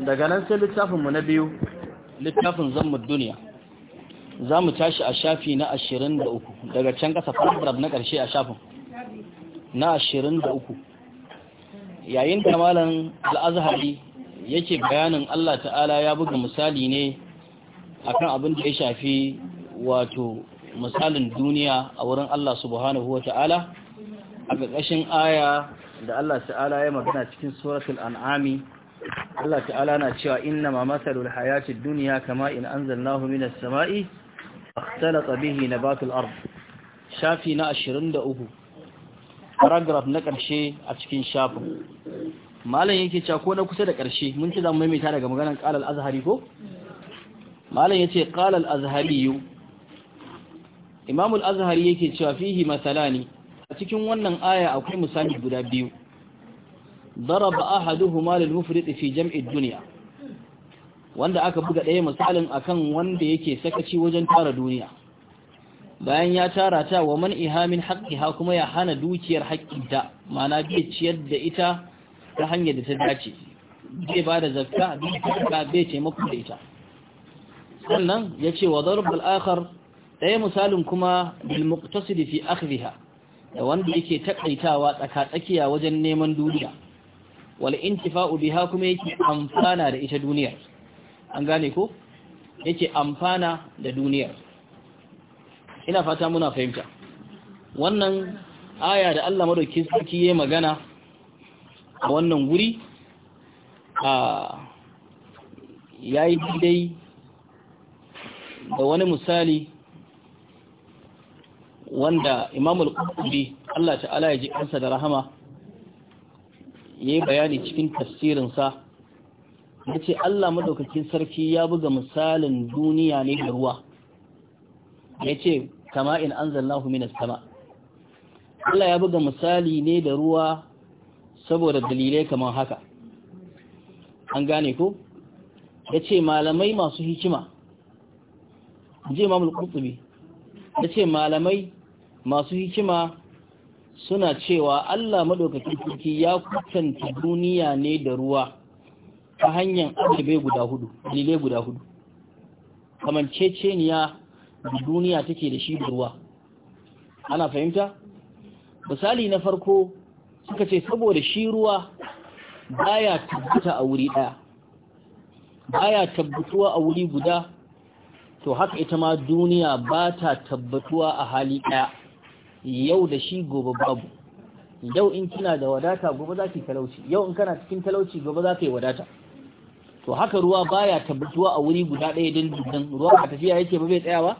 daga nan sai littafinmu na biyu littafin zammar duniya za mu tashi a shafi na ashirin daga can kasa paragraf na ƙarshe a shafin na ashirin yayin da malam al'azhari yake bayanin Allah ta'ala ya buga misali ne akan abin da ya shafi wato misalin duniya a wurin Allah subhanahu wa ta'ala a ƙarƙashin aya da Allah ta'ala ya magana cikin suratul an'ami Allah ta'ala na cewa inna ma masalul hayatid dunya kama in anzalnahu minas sama'i اختلط به نبات الأرض شافي نا 23 paragraph na ƙarshe a cikin shafin malam yake cewa ko na kusa da ƙarshe mun ci zamu maimaita daga maganar qala al-azhari ko malam yace qala al-azhari imam al-azhari yake cewa fihi masalani a cikin wannan aya akwai misali guda biyu ضرب أحدهما للمفرد في جمع الدنيا wanda aka buga ɗaya misalin akan wanda yake sakaci wajen tara duniya bayan ya tara ta wa man ihamin haqqiha kuma ya hana dukiyar haƙƙinta ma'ana bai ciyar da ita ta hanyar da ta dace zai ba da zakka bai bai taimako da ita sannan ya ce wa darbal akhar ɗaya misalin kuma bil muqtasid fi akhdhiha da wanda yake taƙaitawa tsaka tsakiya wajen neman duniya wal intifa'u biha kuma yake amfana da ita duniyar an gane ko yake amfana da duniyar ina fata muna fahimta wannan aya da Allah madauki sarki yayi magana a wannan guri a yayi dai da wani misali wanda Imam al Allah ta'ala ya ji kansa da rahama yi bayani cikin tasirinsa. Ya ce, Allah madaukakin sarki ya buga misalin duniya ne da ruwa Ya ce, kama in an anzalnahu minas sama Allah ya buga misali ne da ruwa saboda dalilai kamar haka an gane ko ce malamai masu hikima je mamul Ya ce malamai masu hikima suna cewa Allah madaukakin sarki ya kwatanta duniya ne da ruwa ta hanyar azabe guda hudu dalilai guda hudu kamanceceniya da duniya take da shi da ruwa ana fahimta misali na farko suka ce saboda shi ruwa baya tabbata a wuri daya baya tabbatuwa a wuri guda to haka ita ma duniya ba ta tabbatuwa a hali ɗaya. yau da shi gobe babu yau in kina da wadata gobe za ki talauci yau in kana cikin talauci gobe za ka yi wadata to haka ruwa baya tabbatuwa a wuri guda ɗaya dindindin ruwa a tafiya yake ba bai tsaya ba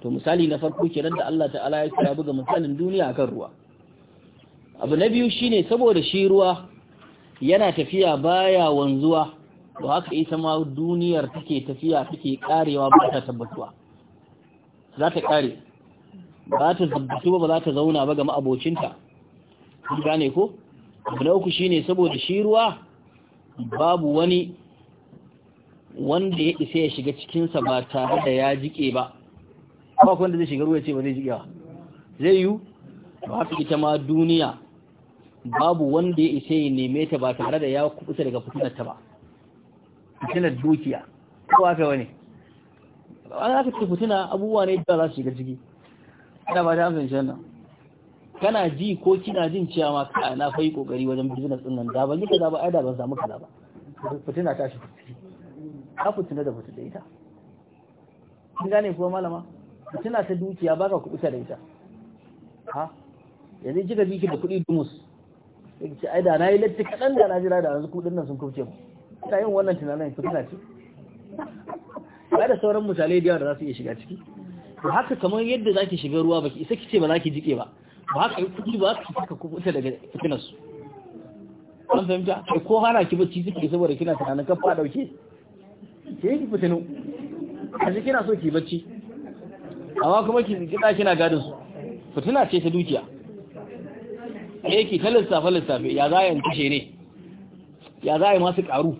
to misali na farko kenan da Allah ta'ala ya kira buga misalin duniya akan ruwa abu na biyu shine saboda shi ruwa yana tafiya baya wanzuwa to haka ita ma duniyar take tafiya take karewa ba ta tabbatuwa za ta kare ba ta tabbatu ba za ta zauna ba ga ma'abocinta su gane ko abu na uku ne saboda shi ruwa babu wani wanda ya isa ya shiga cikinsa ba tare da ya jike ba ba wanda zai shiga ruwa ya ce ba zai jike ba zai yi ba su ita ma duniya babu wanda ya isa ya neme ta ba tare da ya kubuta daga ta ba fitinar dukiya ko aka wani an aka ce fitina abubuwa ne da za su shiga ciki ina ba ta amsa shi kana ji ko kina jin cewa ma ka na fai kokari wajen business din nan da ban yi kaza ba ai da ban samu kaza ba fitina ta shi ka fitina da fitina da ita kin gane kuma malama fitina ta dukiya baka ta da ita ha yanzu kika bi da kuɗi dumus yake ce ai da na yi latti kaɗan da na jira da yanzu kuɗin nan sun kauce mu ina yin wannan tunanin fitina ce ba da sauran misalai da yawa da za su iya shiga ciki to haka kamar yadda zaki shiga ruwa baki isa kice ba zaki jike ba ba haka kuɗi ba ki saka ku fita daga fitinar an fahimta ai ko hana ki bacci suke saboda kina tunanin kan fa dauke ke ki fitinu kaje kina so ki bacci amma kuma ki kida kina gadin su fitina ce ta dukiya eh ki kalista falista ya za yan kashe ne ya za yi masu karu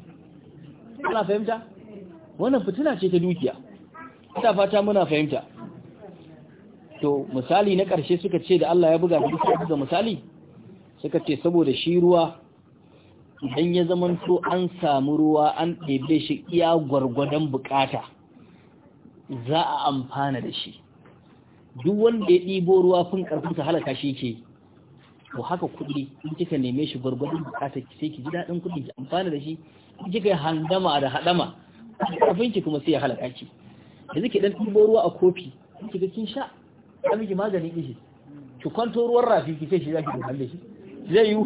kuna fahimta wannan fitina ce ta dukiya ina fata muna fahimta to misali na ƙarshe suka ce da Allah ya buga shi da misali suka ce saboda shi ruwa idan ya zamanto an samu ruwa an ɗebe shi iya gwargwadon bukata za a amfana da shi duk wanda ya ɗibo ruwa fin ƙarfinsa halaka shi ke ko haka kuɗi in kika neme shi gwargwadon bukata ki sai ki ji daɗin kuɗi ki amfana da shi in kika yi handama da haɗama ƙarfin ki kuma sai ya halaka ki yanzu ki ɗan ɗibo ruwa a kofi kika kin sha ya miki maganin kishi ki kwanto ruwan rafi ki sai shi zaki da shi zai yi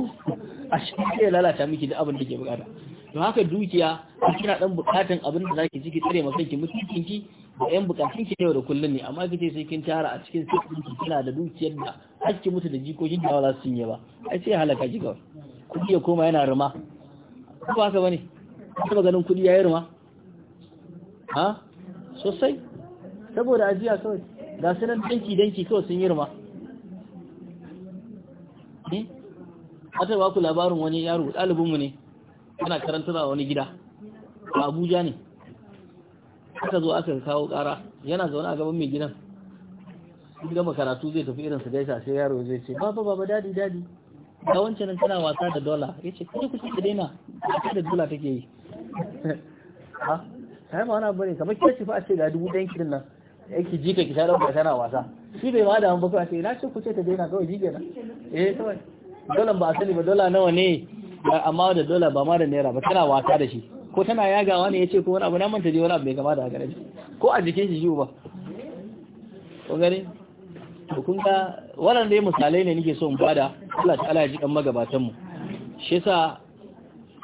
a shi ke lalata miki da abin da ke bukata to haka dukiya kina dan bukatan abin da zaki ciki tsare maka ki mutuncin ki da yan bukatun ki ne da kullun ne amma kike sai kin tara a cikin sirrin ki kina da dukiyar da hakki mutu da jikokin da za su yi ba ai sai halaka ji ga kudi ya koma yana rima ko ba ka bane ba ganin kudi yayi rima ha sosai saboda ajiya kawai ga su nan danki danki kawai sun yi ruma ne eh? a ta ba ku labarin wani yaro ɗalibinmu ne ana karantar a wani gida a abuja ne aka zo aka kawo ƙara yana zaune a gaban mai gidan in gama karatu zai tafi irin su gaisa sai yaro zai ce baba baba dadi dadi ga wancan tana wasa da dola ya ce kaje kusa da daina wasa da dola take yi ha sai ma wani abu ne kamar kyashi fa a ce ga dubu ɗayan kirin nan yake eh, jika ki ta ba tana wasa shi bai ma da an bakwai sai na ce ku ce ta daina kawai jike na eh kawai dole ba asali ba dole nawa ne amma da dole ba ma da naira ba tana wasa da shi ko tana yagawa ne yace ko wani abu na manta je wani abu bai kama da haka ko a jikin shi ba ko gani to kun ga wannan dai misalai ne nake so in bada Allah ta'ala ya ji kan magabatan mu shi yasa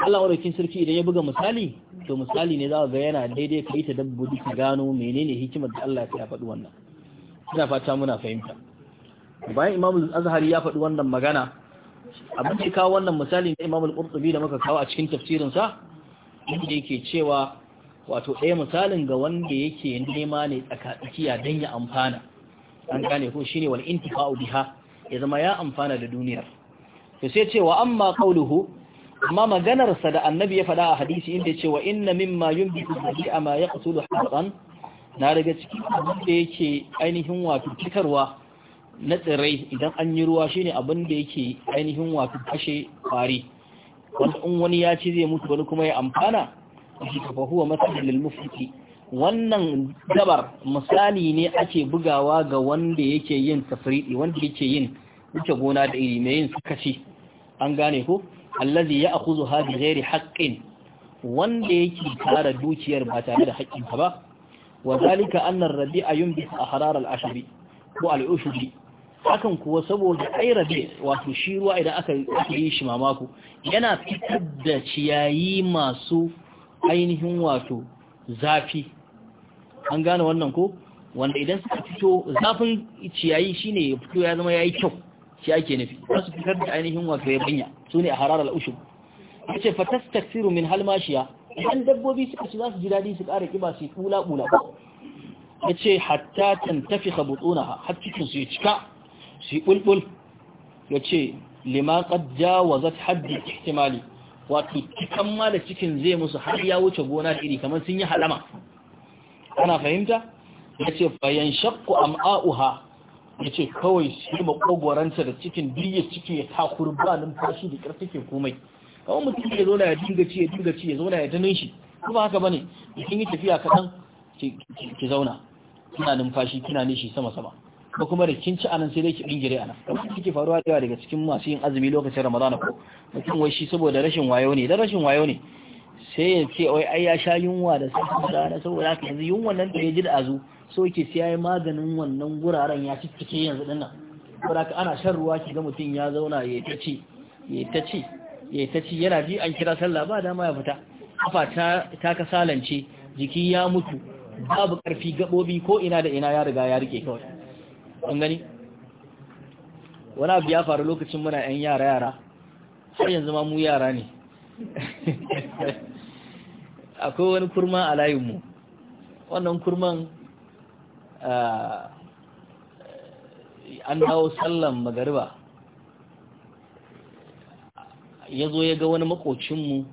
Allah wadakin sarki idan ya buga misali to misali ne za ga yana daidai ka yi ta dabbobi ka gano menene hikimar da Allah ya faɗi wannan ina fata muna fahimta bayan imamu azhari ya faɗi wannan magana abin da kawo wannan misali na imamu al-qurtubi da muka kawo a cikin tafsirin sa inda yake cewa wato ɗaya misalin ga wanda yake nema ne tsakatsakiya dan ya amfana an gane ko shine wal intifa'u biha ya zama ya amfana da duniyar to sai cewa amma qauluhu amma maganarsa da annabi ya faɗa a hadisi inda cewa inna mimma yumbitu dhabi'a ma yaqtulu hasan na daga cikin abin da yake ainihin wato cikarwa na tsirrai idan an yi ruwa shine abin da yake ainihin wato kashe kwari wani in wani ya ci zai mutu wani kuma ya amfana shi ka fa huwa lil wannan dabar misali ne ake bugawa ga wanda yake yin tafriɗi wanda yake yin wuce gona da iri mai yin sakaci an gane ko allazi ya akuzu ha bi ghairi haƙƙin wanda yake tara dukiyar ba tare da haƙƙinta ba wa zalika anna ar-rabi'a yumbi a al-ashri ko al hakan kuwa saboda ai rabi wato shi ruwa idan aka yi shi mamaku, yana fitar da ciyayi masu ainihin wato zafi an gane wannan ko wanda idan suka fito zafin ciyayi shine ya fito ya zama yayi kyau shi ake nufi Wasu fitar da ainihin wato yabanya Sune a hararar ushub ya ce fatas taksiru min halmashiya idan dabbobi suka ci za su ji daɗi su ƙara ƙiba su kula kula ya ce hatta tantafi habutsuna har cikin su yi cika su yi ɓulɓul ya ce liman ƙadda wa zat haddi ihtimali wato cikan ma da cikin zai musu har ya wuce gona iri kamar sun yi halama ana fahimta ya ce fayan shakku am'a'uha ya ce kawai shi makogwaranta da cikin duk ciki ya takuru ba numfashi da ƙarfi ke komai kawai mutum ya zo na ya dinga ci ya dinga ci ya zo na ya danin shi kuma haka bane kin yi tafiya kaɗan ki zauna kina numfashi kina nishi sama sama ko kuma da kin ci anan sai dai ki dingire anan kamar kike faruwa da daga cikin masu yin azumi lokacin ramadana ko mutum wai shi saboda rashin wayo ne dan rashin wayo ne sai ya ce wai ai ya sha yunwa da sai da saboda haka yanzu yunwan nan da ya ji da azu so ke sai yayi maganin wannan wuraren ya ciccike yanzu dinnan saboda ana shan ruwa ki ga mutum ya zauna ya ta ci ya ta ci ya ta ci yana ji an kira sallah ba dama ya fita kafa ta ta kasalance jiki ya mutu babu karfi gabobi ko ina da ina ya riga ya rike kawai an gani wani abu ya faru lokacin muna yan yara yara har yanzu ma mu yara ne akwai wani kurma a layinmu wannan kurman an dawo sallan magariba ya zo ya ga wani makocinmu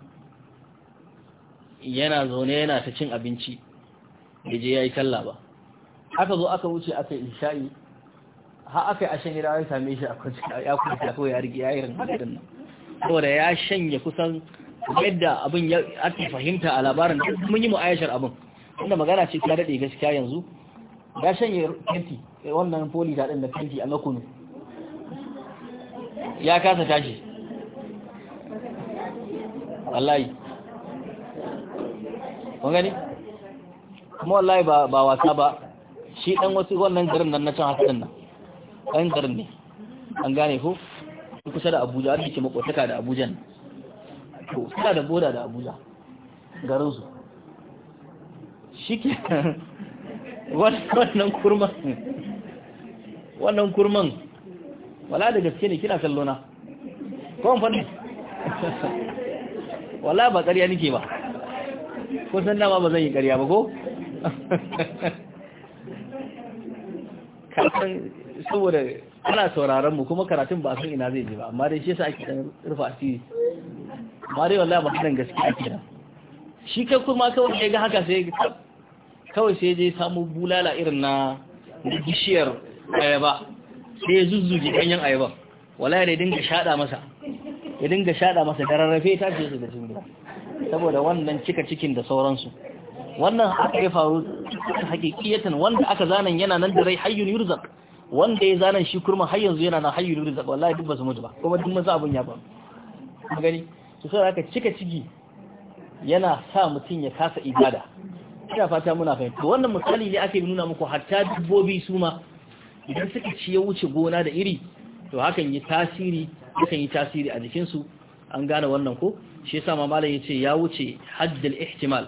yana zaune yana ta cin abinci da je ya yi talla ba aka zo aka wuce aka yi sha'i ha aka yi a shan gida ya same shi a kwanci ya kwanci kawai ya rigi ya yi rangadin nan saboda ya shanye kusan yadda abin ya ake fahimta a labarin da mun yi mu ayashar abin inda magana ce ta daɗe gaskiya yanzu ga shanye kenti wannan poli da ɗin da kenti a makonu ya kasa tashi wallahi kun gani kuma wallahi ba ba wasa ba shi dan wasu wannan garin nan na can haka nan ɗan garin ne an gane ko kusa da Abuja wadda ke makwataka da Abuja ne to suna da boda da Abuja garinsu shi ke wannan kurman wannan kurman wala da gaske ne kina kallona mun faɗi wala ba ƙarya nike ba ko san na ba zan yi ƙarya ba ko kan saboda ana sauraron mu kuma karatun ba san ina zai je ba amma dai shi yasa ake dan rufa shi ba dai wallahi ba hadan gaskiya da shi kai kuma kawai ga haka sai kawai sai zai samu bulala irin na bishiyar ayaba sai ya zuzzuji ganyen ayaba wala ya dinga shada masa ya dinga shada masa da rarrafe ta ce da cikin gida saboda wannan cika cikin da sauransu wannan aka ya faru ta hakikiyatan wanda aka zanen yana nan da rai hayyun yurzak wanda ya zanen shi kurma har yanzu yana nan hayyun yurzak wallahi duk ba su mutu ba kuma duk masu abin ya faru gani to sai aka cika ciki yana sa mutum ya kasa ibada ina fata muna fahimta wannan misali ne ake nuna muku hatta dabbobi su ma idan suka ci ya wuce gona da iri to hakan yi tasiri yakan yi tasiri a jikinsu an gane wannan ko shi yasa ma malam yace ya wuce haddal ihtimal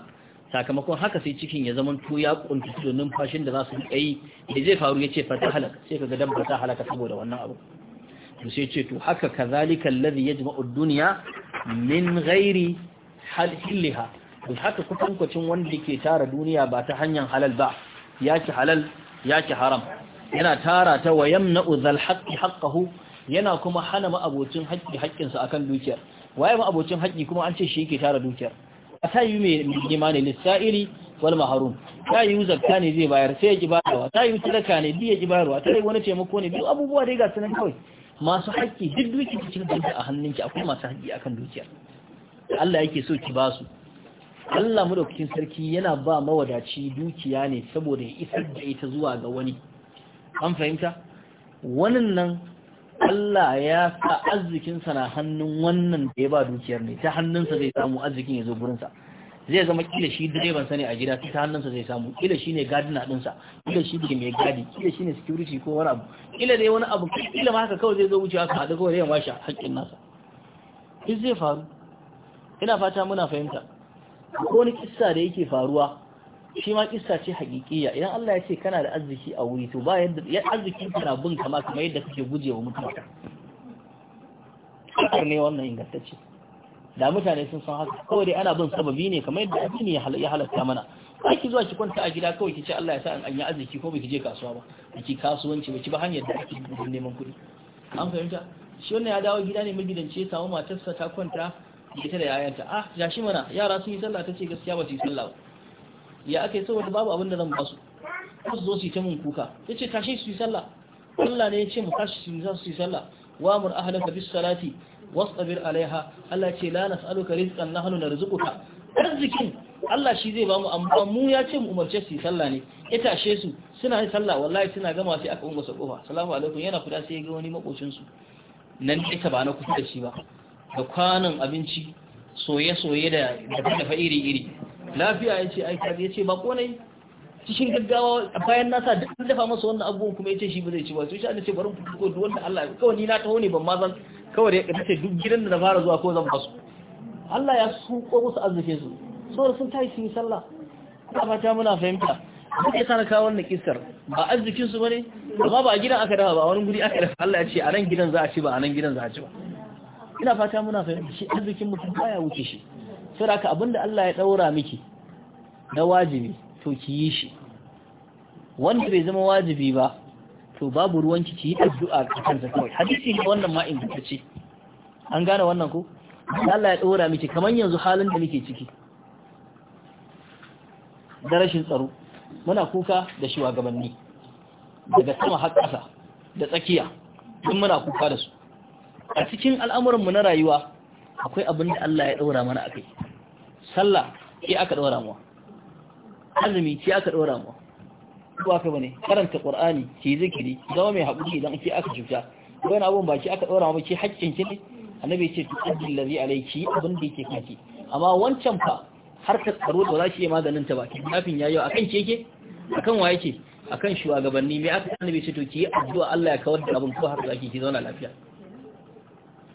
sakamakon haka sai cikin ya zaman to ya kunta da fashin da za su yi da zai faru yace fa ta halaka sai kaga dabba ta halaka saboda wannan abu to sai ce to haka kazalika alladhi yajma'u ad-dunya min ghairi hal hilha to haka kutankwacin wanda yake tara duniya ba ta hanyar halal ba yaki halal yaki haram yana tara ta wa yamna'u uzal haqqi haqqahu yana kuma hana ma'abocin haƙƙi haƙƙinsa akan dukiyar waye ma'abocin haƙƙi kuma an ce shi yake tara dukiyar ta yi mai rigima ne iri wal maharum ta yi zakka ne zai bayar sai ya ki bayarwa ta yi talaka ne biya ki bayarwa ta yi wani taimako ne duk abubuwa dai ga su nan kawai masu haƙƙi duk duki cikin dukiyar a hannunki akwai masu haƙƙi akan dukiyar Allah yake so ki basu Allah madaukakin sarki yana ba mawadaci dukiya ne saboda ya isar da ita zuwa ga wani an fahimta wannan nan Allah ya sa arzikinsa na hannun wannan da ya ba dukiyar ne ta hannunsa zai samu arzikin ya zo gurinsa zai zama kila shi direban sa ne a gida ta hannunsa zai samu kila shi ne gadina ɗinsa kila shi ne mai gadi kila shi ne security ko wani abu kila dai wani abu kila ma haka kawai zai zo wucewa ka da kawai zai washe haƙƙin nasa duk zai faru ina fata muna fahimta ko wani kissa da yake faruwa shi ma kissa ce hakikiya idan Allah ya ce kana da arziki a wuri to ba yadda ya arzikin kana bin kama kamar yadda kake guje wa mutunta kar ne wannan ingantacce da mutane sun san haka kawai dai ana bin sababi ne kamar yadda addini ya halatta mana ba ki zuwa ki kwanta a gida kawai ki ce Allah ya sa an yi arziki ko baki je kasuwa ba baki kasuwanci ba. ki ba hanyar da ake neman kuɗi an fahimta shi wannan ya dawo gida ne magidanci ya samu matarsa ta kwanta ita da yayanta ah ya shi mana yara sun yi sallah ta ce gaskiya ba su yi sallah ba ya aka yi saboda babu abin da zan ba su ko su zo su yi ta mun kuka yace ce tashi su yi sallah Allah ne ya ce mu tashi su yi sallah wa mur ahlaka bis salati wasbir alaiha Allah ce la nas'aluka rizqan nahnu narzuquka arzikin Allah shi zai bamu amma mu ya ce mu umarce su yi sallah ne ya tashe su suna yin sallah wallahi suna gama sai aka umma su kofa salamu alaikum yana fita sai ya ga wani makocin su nan ita ba na kusa da shi ba da kwanan abinci soye-soye da dafa iri-iri lafiya ya ce aika ya ce bako ne cikin gaggawa a bayan nasa da an dafa masa wannan abubuwan kuma ya ce shi ba zai ci ba su shi ana ce barin fito duk wanda Allah ya kawai ni na taho ne ban ma zan kawai ya kace duk gidan da na fara zuwa ko zan su Allah ya suko musu arzike su so sun tashi sun yi sallah ina fata muna fahimta duk ya sana kawo wannan kisar ba arzikinsu su bane amma ba a gidan aka dafa ba a wani guri aka dafa Allah ya ce a nan gidan za a ci ba a nan gidan za a ci ba ina fata muna fahimta shi arzikin mutum baya wuce shi saboda abinda Allah ya daura miki na wajibi to ki yi shi wanda bai zama wajibi ba to babu ruwanki ki yi addu'a a sa kawai hadisi ne wannan ma ingantacce an gane wannan ko Allah ya daura miki kaman yanzu halin da muke ciki da rashin tsaro muna kuka da shugabanni daga sama har ƙasa da tsakiya duk muna kuka da su a cikin al'amuranmu na rayuwa akwai abin da Allah ya ɗaura mana akai sallah ke aka ɗaura mu azumi ke aka ɗaura mu kuwa ka bane karanta qur'ani ke zikiri zama mai haƙuri idan ke aka cuta wani abun ba ke aka ɗaura mu ke haƙƙin ki ne annabi ce ki ajil ladhi alaiki. abin da yake kaki. amma wancan fa har ta tsaro da za shi maganin ta ba ki yi wa akan keke akan wa yake akan shugabanni mai aka annabi ce to ki addu'a Allah ya kawar da abin ko har zaki ki zauna lafiya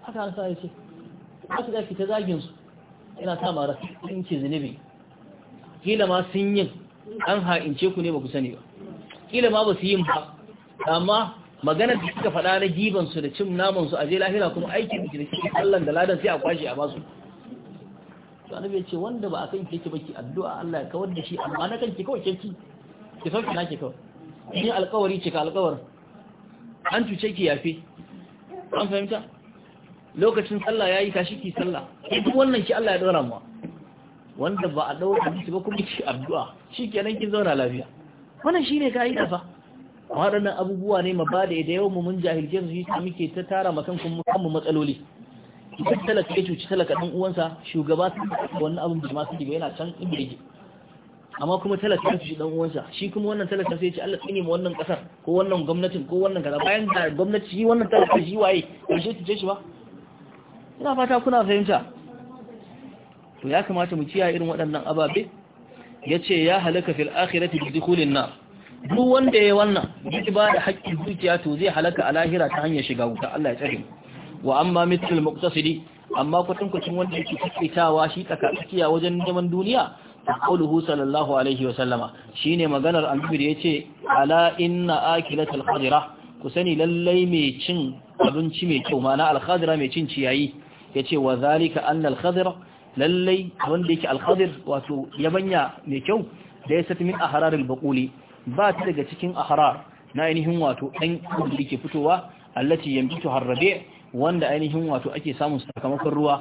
haka an sa ya ce ba su dafi ta zagin su yana sa mara in ke zunubi kila ma sun yin an ha'ince ku ne ba ku sani ba kila ma ba su yin ba amma magana da suka faɗa na gibansu da cin namansu a je lahira kuma aikin da cikin Allah da ladan sai a kwashe a basu to bai ce wanda ba a kan kike baki addu'a Allah ya kawar da shi amma na ke kawai keke. ki sauki na ke kawai ni alƙawari ce ka alƙawarin an cuce ki yafi an fahimta lokacin sallah yayi tashi ki sallah duk wannan shi Allah ya dora mu wanda ba a dora shi ba kuma ki addu'a shikenan kin zauna lafiya wannan shine kai da fa waɗannan abubuwa ne mabada da yawan mu mun jahilce su ta muke ta tara makan kun mu matsaloli idan talaka ya cuci talaka dan uwansa shugaba wannan abun bai ma su ba yana can inda yake amma kuma talaka ya cuci dan uwansa shi kuma wannan talaka sai ya ce Allah tsine mu wannan kasar ko wannan gwamnatin ko wannan kaza bayan da gwamnati shi wannan talaka shi waye ba shi tuce shi ba ina fata kuna fahimta to ya kamata mu kiyaye irin waɗannan ababe yace ya halaka fil akhirati bi dukhulin nar duk wanda yayi wannan duk ba da haƙƙin zuciya to zai halaka a lahira ta hanyar shiga wuta Allah ya tsare wa amma mithl muqtasidi amma kwatan kwatan wanda yake tsakaitawa shi tsakiya wajen neman duniya qawluhu sallallahu alaihi wa sallama shine maganar annabi da yace ala inna akilatul qadira ku sani lallai mai cin abinci mai kyau mana al mai cin ciyayi yace wa zalika anna al-khadira lallai wanda yake al-khadir wato yabanya mai kyau da ya sati min ahrar al-baquli ba ta daga cikin ahrar na ainihin wato dan da yake fitowa allati yanbitu harrabi wanda ainihin wato ake samun sakamakon ruwa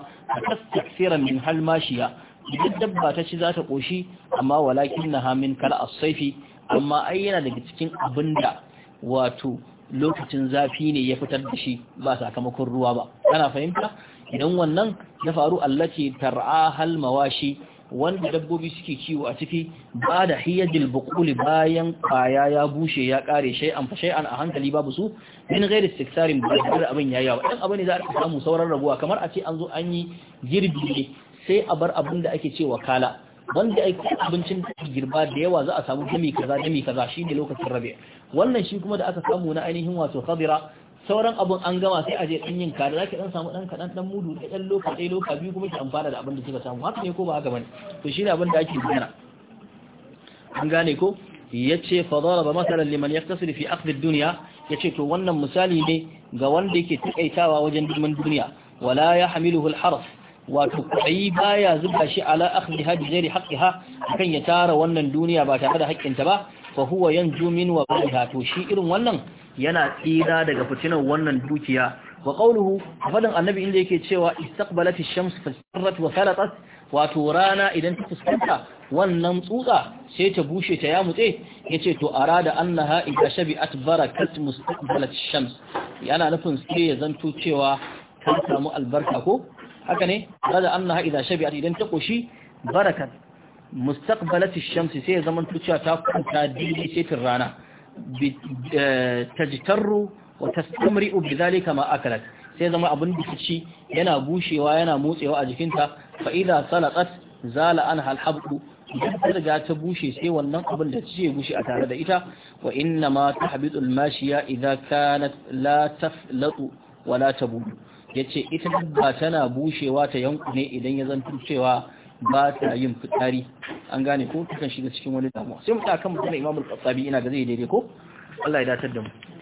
tasfiran min halmashiya idan dabba ta ci za ta koshi amma walakin na min kala as amma ai yana daga cikin abinda wato lokacin zafi ne ya fitar da shi ba sakamakon ruwa ba kana fahimta idan wannan ya faru Tar'a tar'ahal mawashi wanda dabbobi suke kiwo a ciki ba da hiyadil buquli bayan kwaya ya bushe ya kare shay'an fa shay'an a hankali babu su min ghairi istiksarin ba da abin yayi yawa dan abin da za a samu sauran rabuwa kamar a ce an zo an yi girbi sai a bar abin da ake cewa kala wanda ake abincin da girba da yawa za a samu dami kaza dami kaza shine lokacin rabi wannan shi kuma da aka samu na ainihin wato khadira sauran abun an gama sai a je dan yin kare zaki dan samu dan kadan dan mudu da dan loka dai loka biyu kuma ki amfana da abin da kika samu haka ne ko ba haka bane to shine abin da ake magana an gane ko yace fa daraba masalan liman yaqtasir fi aqd ad-dunya yace to wannan misali ne ga wanda yake takaitawa wajen dumin duniya wala yahmiluhu al-harf wato kuɗi baya zuba shi ala akhdi hadi ghairi haqqiha kan ya tara wannan duniya ba tare da ta ba fa huwa yanju min wa biha to shi irin wannan yana tsira daga fitinar wannan dukiya wa qawluhu fadan annabi inda yake cewa istaqbalat ash-shams fasarrat wa falatat wato rana idan ta fuskanta wannan tsutsa sai ta bushe ta ya mutse yace to arada annaha idha shabi'at barakat mustaqbalat ash-shams yana nufin sai ya zanto cewa ta samu albarka ko haka ne arada annaha idha shabi'at idan ta koshi barakat mustaqbalat ash-shams sai ya zama tuciya ta kwanta daidai sai rana Eh, tajtarru wa tastamri'u bidhalika ma akalat sai zama abin da yana bushewa yana motsewa a jikinta fa idza salatat zala anha al-habdu ta bushe sai wannan abin da ce bushe a tare da ita wa inna ma tahbitu al-mashiya idza kanat la taflatu wa la tabudu yace ita ba tana bushewa ta yanku ne idan ya zanto cewa ba ta yin fitari an gane ko takan shiga cikin wani damuwa sai mu ta kan mutum imamul al-Qasabi ina da zai daidai ko Allah ya datar da mu